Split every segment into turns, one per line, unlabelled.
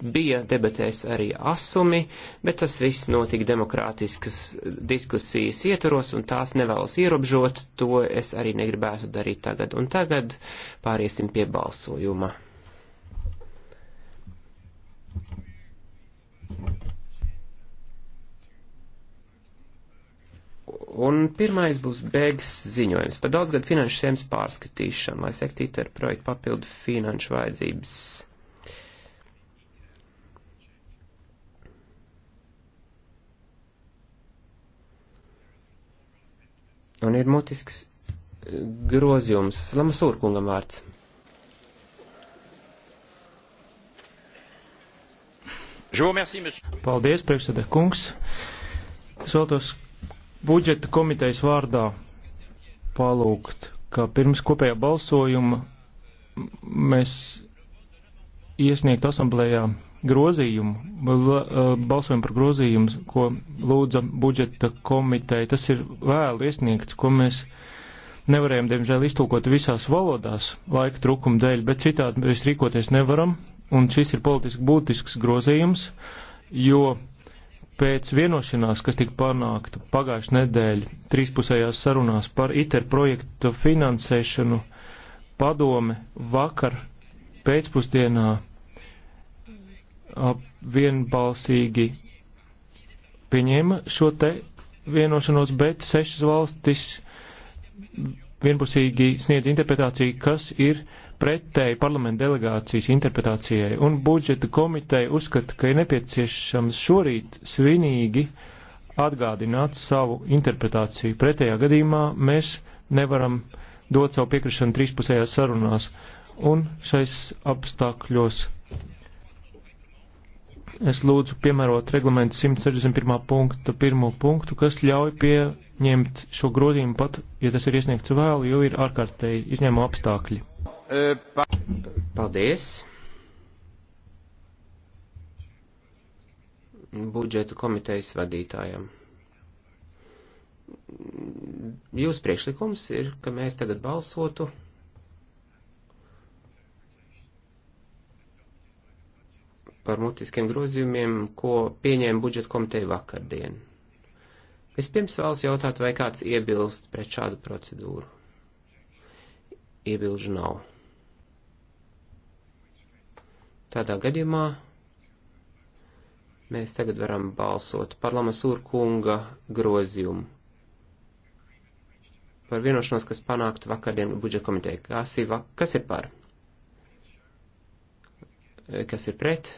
bija debatēs arī asumi, bet tas viss notika demokrātiskas diskusijas ietvaros, un tās nevēlas ierobžot, to es arī negribētu darīt tagad. Un tagad pāriesim pie balsojuma. Un pirmais būs beigas ziņojums par daudzgadu finanšu sēmas pārskatīšanu, lai sektītu ar projektu papildu finanšu vajadzības. Un ir mutisks eh, grozījums. Slama Sūrkungam vārds.
Paldies, priekšsēdē kungs. Es vēlos budžeta komitejas vārdā palūgt, ka pirms kopējā balsojuma mēs iesniegt asamblējā grozījumu, balsojumu par grozījumu, ko lūdza budžeta komiteja. Tas ir vēlu iesniegts, ko mēs nevarējām, diemžēl, iztūkot visās valodās laika trūkuma dēļ, bet citādi mēs rīkoties nevaram. Un šis ir politiski būtisks grozījums, jo pēc vienošanās, kas tika panākta pagājušajā nedēļā trīspusējās sarunās par ITER projektu finansēšanu, padome vakar pēcpusdienā vienbalsīgi pieņēma šo te vienošanos, bet sešas valstis vienpusīgi sniedz interpretāciju, kas ir pretēji parlamenta delegācijas interpretācijai, un budžeta komiteja uzskata, ka ir nepieciešams šorīt svinīgi atgādināt savu interpretāciju. Pretējā gadījumā mēs nevaram dot savu piekrišanu trīspusējās sarunās, un šais apstākļos es lūdzu piemērot reglamentu 161. punktu, pirmo punktu, kas ļauj pieņemt šo grozījumu pat, ja tas ir iesniegts vēl, jo ir ārkārtēji izņēmu apstākļi.
E, Paldies. Budžetu komitejas vadītājam. Jūsu priekšlikums ir, ka mēs tagad balsotu par mutiskiem grozījumiem, ko pieņēma budžeta komiteja vakardien. Vispirms vēlas jautāt, vai kāds iebilst pret šādu procedūru. Iebilžu nav. Tādā gadījumā mēs tagad varam balsot par Lamasūra kunga grozījumu. Par vienošanos, kas panākt vakardien budžeta komiteja. Kas ir, kas ir par? Kas ir pret?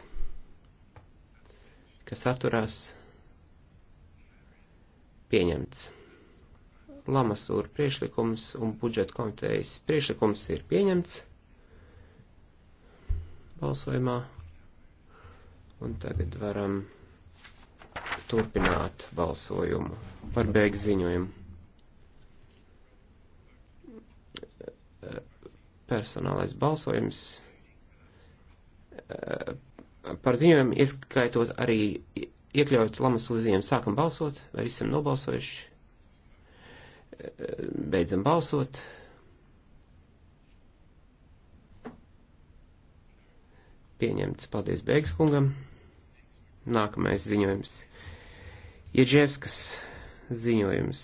kas atturās pieņemts. Lamasūra priešlikums un budžeta komitejas priešlikums ir pieņemts balsojumā. Un tagad varam turpināt balsojumu par beigu ziņojumu. Personālais balsojums par ziņojumu, ieskaitot arī iekļaut lamas uzņēmumu. Sākam balsot, vai visam nobalsojuši? Beidzam balsot. Pieņemts. Paldies Beigas kungam. Nākamais ziņojums. Jeģevskas ziņojums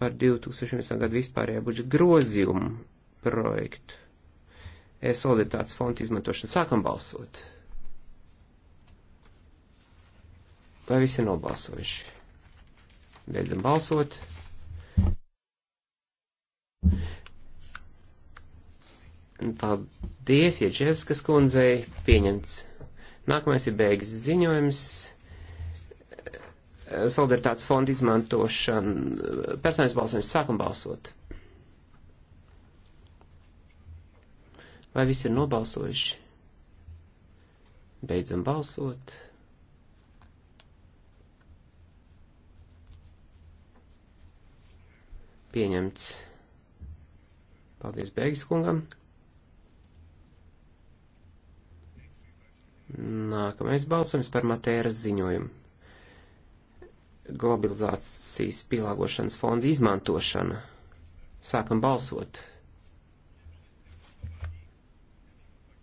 par 2011. gadu vispārējā budžeta grozījumu projektu solidaritātes fonda izmantošanu. Sākam balsot. Vai visi ir nobalsojuši? Beidzam balsot. Paldies, Iečevskas kundzei, pieņemts. Nākamais ir beigas ziņojums. Solidaritātes fonda izmantošana. Personais balsojums sākam balsot. Vai visi ir nobalsojuši? Beidzam balsot. Pieņemts. Paldies Beigas kungam. Nākamais balsojums par Matēras ziņojumu. Globalizācijas pielāgošanas fonda izmantošana. Sākam balsot.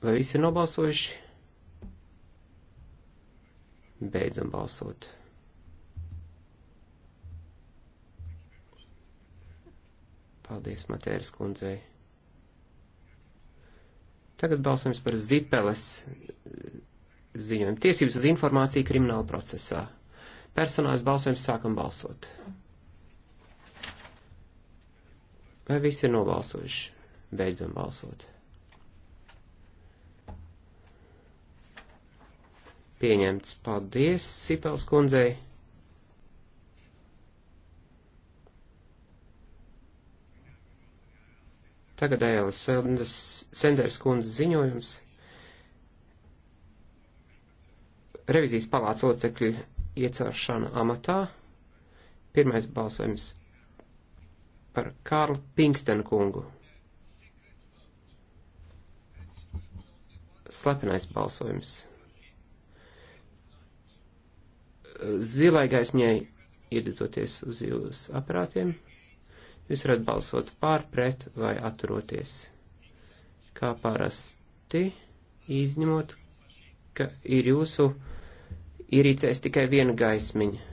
Vai visi ir nobalsojuši? Beidzam balsot. Paldies, Matēras kundzei. Tagad balsojums par zipeles eh, ziņojumu. Tiesības uz informāciju krimināla procesā. Personālais balsojums sākam balsot. Vai visi ir nobalsojuši? Beidzam balsot. Pieņemts. Paldies, Sipels kundzei. Tagad Ēlas Senders kundzes ziņojums. Revizijas palāca locekļu iecelšana amatā. Pirmais balsojums par Kārlu Pinkstenu kungu. Slepenais balsojums zilai gaismai iededzoties uz jūsu aparātiem, jūs varat balsot pār, pret vai atturoties. Kā parasti, izņemot, ka ir jūsu ierīcēs tikai viena gaismiņa.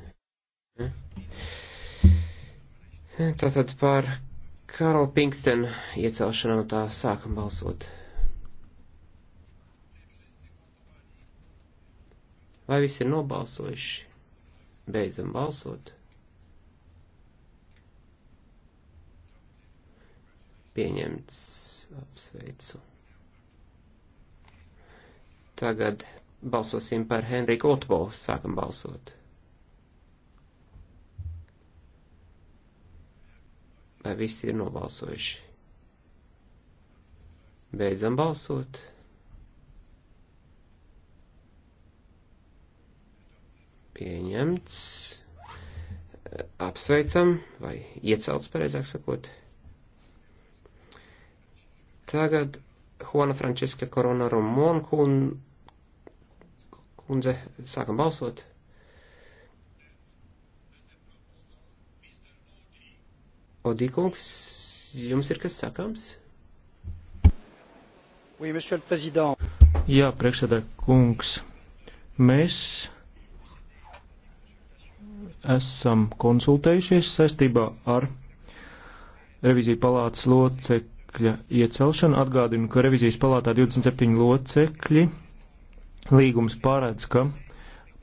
Tātad pār Karla Pinkstena iecelšanām tā sākam balsot. Vai visi ir nobalsojuši? Beidzam balsot. Pieņemts. Apsveicu. Tagad balsosim par Henriku Otbo. Sākam balsot. Vai visi ir nobalsojuši? Beidzam balsot. pieņemts, apsveicam, vai iecelts, pareizāk sakot. Tagad Juana Frančiska Korona Romon kundze, sākam balsot. Odīkungs, jums ir kas sakams? Oui,
Jā, priekšsēdē kungs, mēs esam konsultējušies saistībā ar reviziju palātas locekļa iecelšanu. Atgādinu, ka revizijas palātā 27 locekļi līgums paredz, ka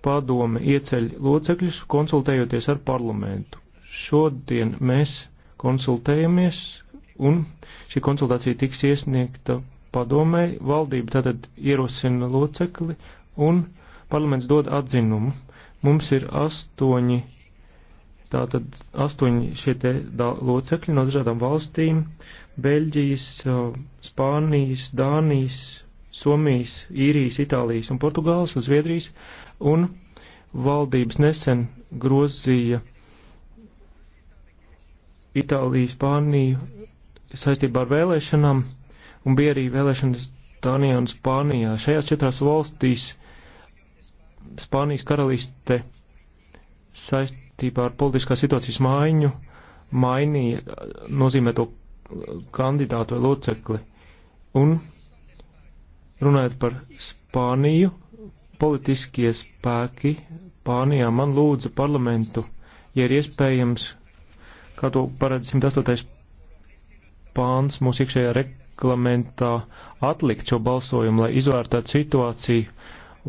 padome ieceļ locekļus konsultējoties ar parlamentu. Šodien mēs konsultējamies un šī konsultācija tiks iesniegta padomē. Valdība tātad ierosina locekli un parlaments dod atzinumu. Mums ir astoņi Tātad astoņi šie te locekļi no dažādām valstīm - Beļģijas, Spānijas, Dānijas, Somijas, Īrijas, Itālijas un Portugāles un Zviedrijas, un valdības nesen grozīja Itāliju, Spāniju saistībā ar vēlēšanām, un bija arī vēlēšanas Dānijā un Spānijā. Šajās četrās valstīs Spānijas karaliste saist, saistībā ar politiskā situācijas maiņu mainīja nozīmēto kandidātu vai locekli. Un runājot par Spāniju, politiskie spēki Spānijā man lūdza parlamentu, ja ir iespējams, kā to paredz 108. pāns mūsu iekšējā reglamentā, atlikt šo balsojumu, lai izvērtētu situāciju,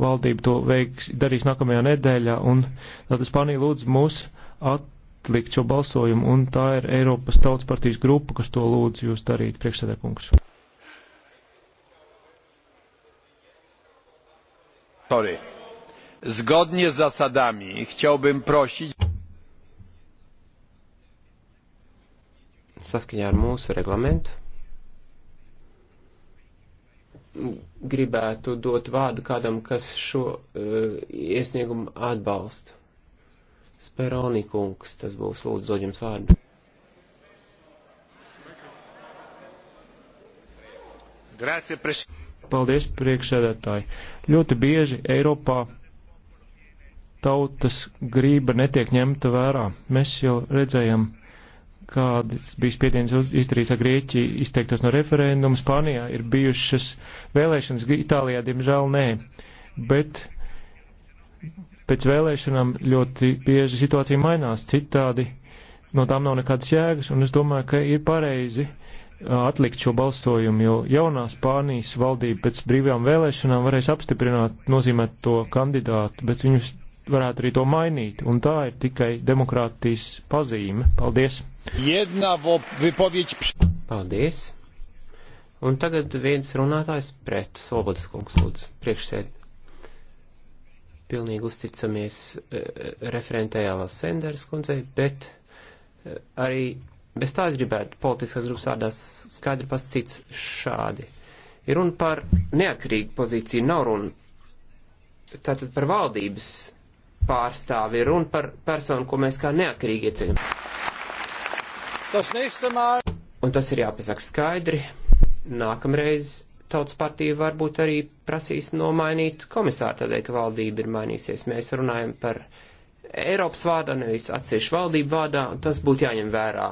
valdība to veiks, darīs nākamajā nedēļā, un tātad Spānija lūdz mūs atlikt šo balsojumu, un tā ir Eiropas Tautas partijas grupa, kas to lūdz jūs darīt, priekšsēdēkungs.
Sorry. Zgodnie z zasadami chciałbym prosić. Saskaņā ar mūsu reglamentu gribētu dot vārdu kādam, kas šo uh, iesniegumu atbalsta. Speroni kungs, tas būs lūdzu dod jums vārdu. Paldies,
priekšsēdētāji. Ļoti bieži Eiropā tautas grība netiek ņemta vērā. Mēs jau redzējām kādas bija spiediens izdarījis ar Grieķiju, izteiktos no referenduma. Spānijā ir bijušas vēlēšanas, Itālijā diemžēl nē, bet pēc vēlēšanām ļoti bieži situācija mainās citādi, no tām nav nekādas jēgas, un es domāju, ka ir pareizi uh, atlikt šo balsojumu, jo jaunā Spānijas valdība pēc brīvajām vēlēšanām varēs apstiprināt, nozīmēt to kandidātu, bet viņus varētu arī to mainīt, un tā ir tikai demokrātijas pazīme. Paldies! Jedna vypověď.
Paldies! Un tagad viens runātājs pret Svobodas kungs lūdzu priekšsēd. Pilnīgi uzticamies uh, e, referentējā Lasenders kundzei, bet uh, arī bez tā es gribētu politiskās grupas vārdās skaidri pasacīts šādi. Ir runa par neatkarīgu pozīciju, nav runa tātad par valdības pārstāvi, runa par personu, ko mēs kā neatkarīgi ieceļam. Un tas ir jāpasaka skaidri. Nākamreiz tautas partija varbūt arī prasīs nomainīt komisāru, tādēļ, ka valdība ir mainīsies. Mēs runājam par Eiropas vārdā, nevis atsevišķu valdību vārdā, un tas būtu jāņem vērā.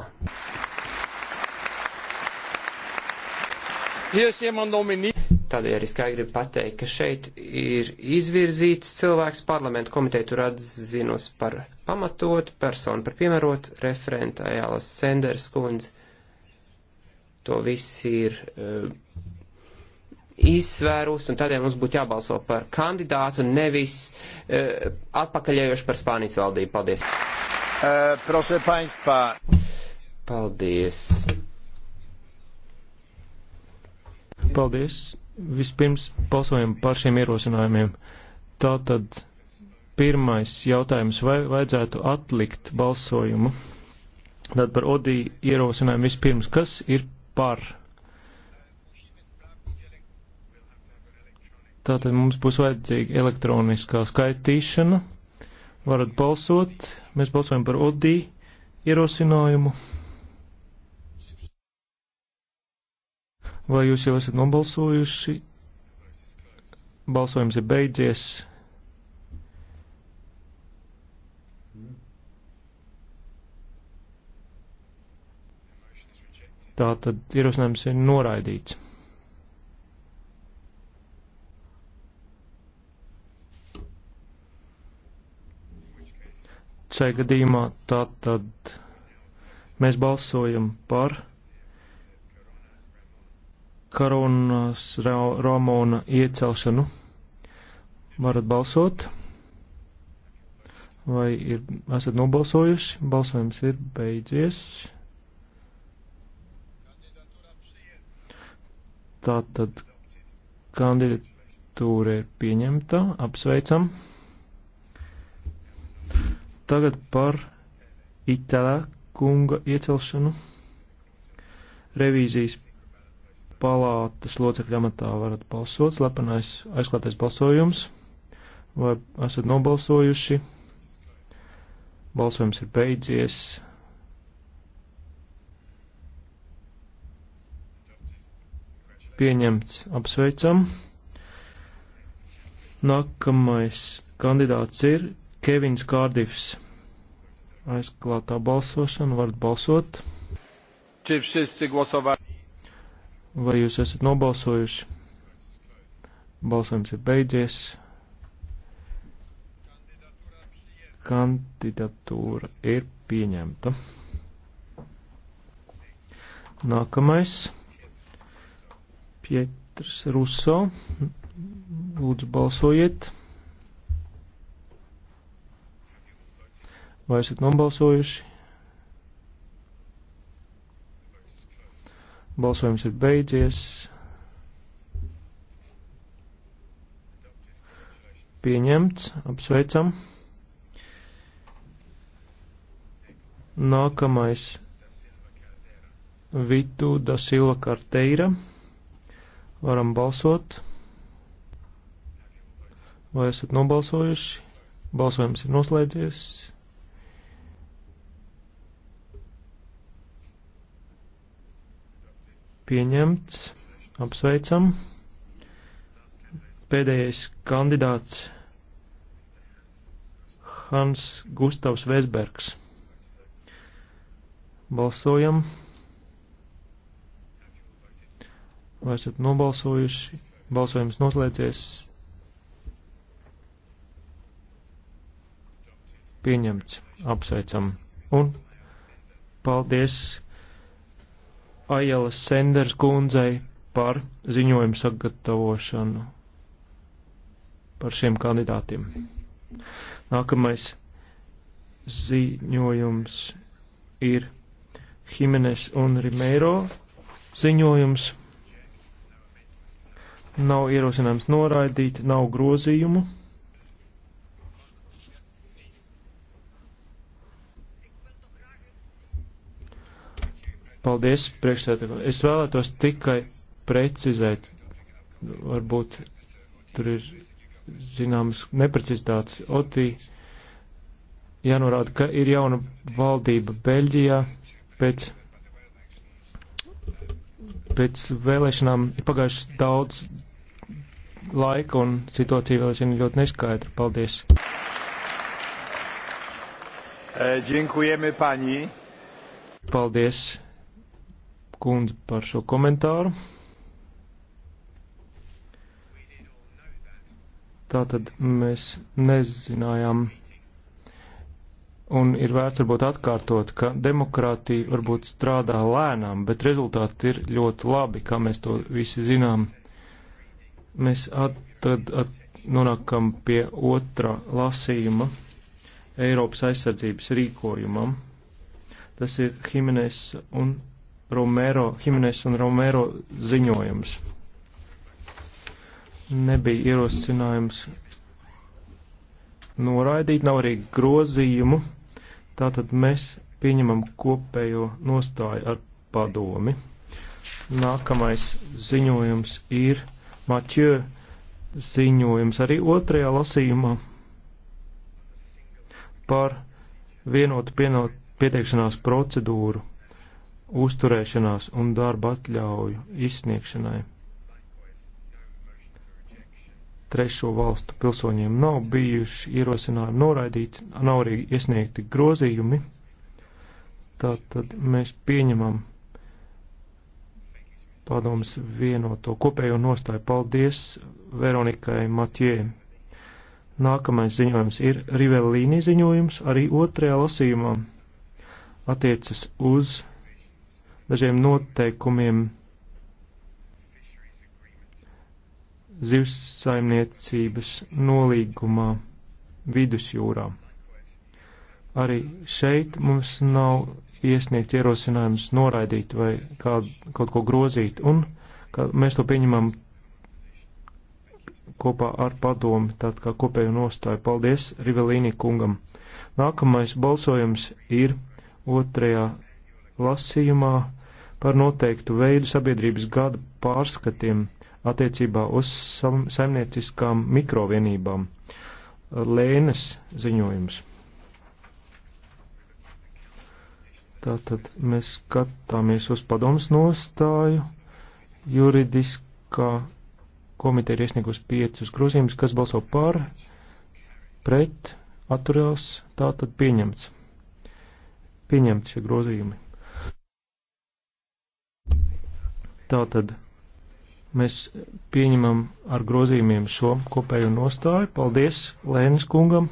Hier ist jemand nominiert. Tādēļ arī skaidri gribu pateikt, ka šeit ir izvirzīts cilvēks parlamentu komiteja tur atzinos par pamatot personu, par piemērot referenta Jālas Senders kundze. To viss ir uh, izsvērus, un tādēļ mums būtu jābalso par kandidātu, nevis uh, atpakaļējoši par Spānijas valdību. Paldies! Uh, proszę Państwa! Paldies!
Paldies! Vispirms balsojam par šiem ierosinājumiem. Tātad pirmais jautājums, vai vajadzētu atlikt balsojumu? Tad par Odī ierosinājumu vispirms, kas ir par? Tātad mums būs vajadzīga elektroniskā skaitīšana. Varat balsot. Mēs balsojam par Odī ierosinājumu. Vai jūs jau esat nobalsojuši? Balsojums ir beidzies. Tā tad ierosinājums ir noraidīts. šajā gadījumā tātad mēs balsojam par Karunas Romona iecelšanu. Varat balsot. Vai ir, esat nobalsojuši? Balsojums ir beidzies. Tātad kandidatūra ir pieņemta. Apsveicam. Tagad par Itālā kunga iecelšanu revīzijas palātas locekļa amatā varat balsot, slepenais aizklātais balsojums, vai esat nobalsojuši, balsojums ir beidzies. Pieņemts, apsveicam. Nākamais kandidāts ir Kevins Kārdivs. Aizklātā balsošana varat balsot.
Czy wszyscy głosowali?
Vai jūs esat nobalsojuši? Balsojums ir beidzies. Kandidatūra ir pieņemta. Nākamais. Pietrs Ruso. Lūdzu, balsojiet. Vai esat nobalsojuši? Balsojums ir beidzies. Pieņemts, apsveicam. Nākamais Vitu Dasila Karteira. Varam balsot. Vai esat nobalsojuši? Balsojums ir noslēdzies. pieņemts. Apsveicam. Pēdējais kandidāts Hans Gustavs Vesbergs. Balsojam. Vai esat nobalsojuši? Balsojums noslēdzies. Pieņemts. Apsveicam. Un paldies Ajelas Senders kundzei par ziņojumu sagatavošanu par šiem kandidātiem. Nākamais ziņojums ir Himenes un Rimeiro ziņojums. Nav ierosinājums noraidīt, nav grozījumu. Paldies, priekšsēdētāji. Es vēlētos tikai precizēt, varbūt tur ir zināmas neprecizitātes. Otī jānorāda, ka ir jauna valdība Beļģijā pēc, pēc vēlēšanām ir pagājuši daudz laika un situācija vēl aizvien ļoti neskaidra. Paldies. E, dziękujemy pani. Paldies kundze par šo komentāru. Tātad mēs nezinājām, un ir vērts varbūt atkārtot, ka demokrātija varbūt strādā lēnām, bet rezultāti ir ļoti labi, kā mēs to visi zinām. Mēs at, tad at, nonākam pie otrā lasījuma Eiropas aizsardzības rīkojumam. Tas ir Himenes un Romero, Himnes un Romero ziņojums. Nebija ierosinājums noraidīt, nav arī grozījumu. Tātad mēs pieņemam kopējo nostāju ar padomi. Nākamais ziņojums ir Maķē ziņojums arī otrajā lasījumā par vienotu pieteikšanās procedūru uzturēšanās un darba atļauju izsniegšanai. Trešo valstu pilsoņiem nav bijuši ierosinājumi noraidīt, nav arī iesniegti grozījumi. Tātad mēs pieņemam padomas vienoto kopējo nostāju. Paldies Veronikai Matjē. Nākamais ziņojums ir Rivellīni ziņojums, arī otrajā lasījumā attiecas uz dažiem noteikumiem zivsaimniecības nolīgumā vidusjūrā. Arī šeit mums nav iesniegt ierosinājums noraidīt vai kādu, kaut ko grozīt, un kā mēs to pieņemam kopā ar padomu, tātad kā kopēju nostāju. Paldies Rivelīni kungam. Nākamais balsojums ir otrajā lasījumā par noteiktu veidu sabiedrības gada pārskatiem attiecībā uz saimnieciskām mikrovienībām. Lēnes ziņojums. Tātad mēs skatāmies uz padomus nostāju. Juridiskā komiteja ir iesniegusi piecus grozījumus, kas balso par, pret, atturās, tātad pieņemts. Pieņemts šie grozījumi. Tātad mēs pieņemam ar grozījumiem šo kopējo nostāju. Paldies Lēnis kungam.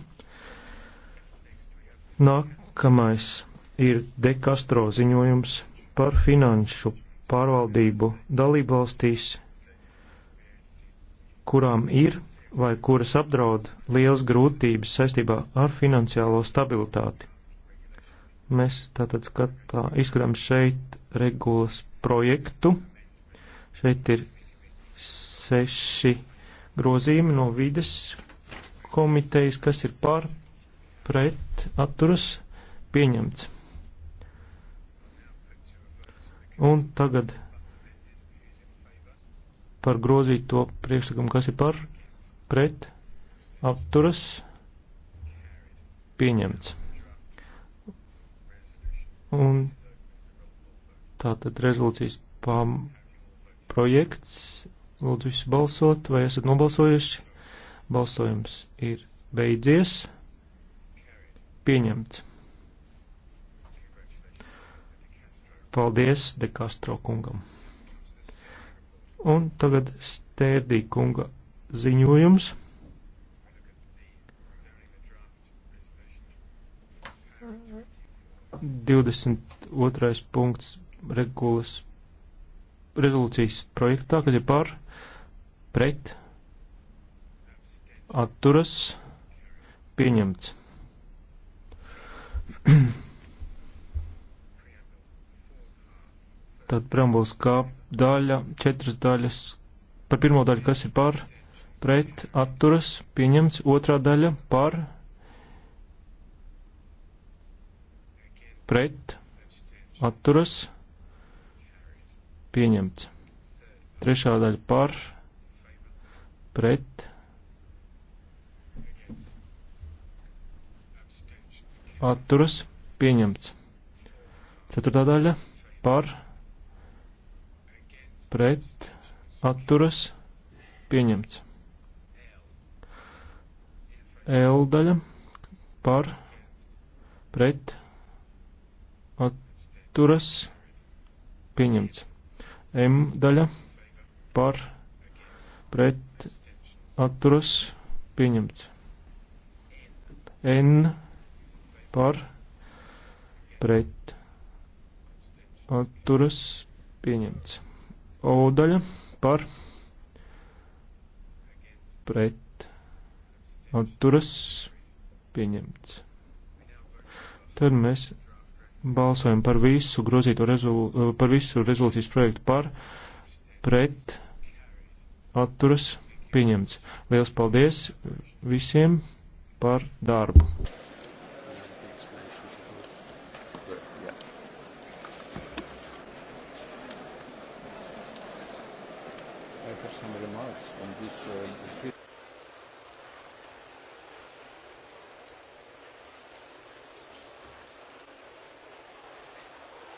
Nākamais ir Dekastro ziņojums par finanšu pārvaldību dalībvalstīs, kurām ir vai kuras apdraud liels grūtības saistībā ar finansiālo stabilitāti. Mēs tātad skatā, izskatām šeit regulas projektu Šeit ir seši grozījumi no vides komitejas, kas ir par, pret, atturas, pieņemts. Un tagad par grozīto priekšlikumu, kas ir par, pret, atturas, pieņemts. Un tātad rezolūcijas pam projekts. Lūdzu, visus balsot, vai esat nobalsojuši? Balsojums ir beidzies. Pieņemts. Paldies De Castro kungam. Un tagad Stērdī kunga ziņojums. Divdesmit otrais punkts regulas rezolūcijas projektā, kas ir par, pret, atturas, pieņemts. Tad preambulas kā daļa, četras daļas, par pirmo daļu, kas ir par, pret, atturas, pieņemts, otrā daļa par, pret, atturas, pieņemts pieņemts. Trešā daļa par, pret, atturas, pieņemts. Ceturtā daļa par, pret, atturas, pieņemts. L daļa par, pret, atturas, pieņemts. M daļa par pret atturas pieņemts. N par pret atturas pieņemts. O daļa par pret atturas pieņemts. Tad mēs Balsojam par visu grozīto rezolu, eh, par visu rezolūcijas projektu par, pret, atturas, pieņemts. Liels paldies visiem par darbu!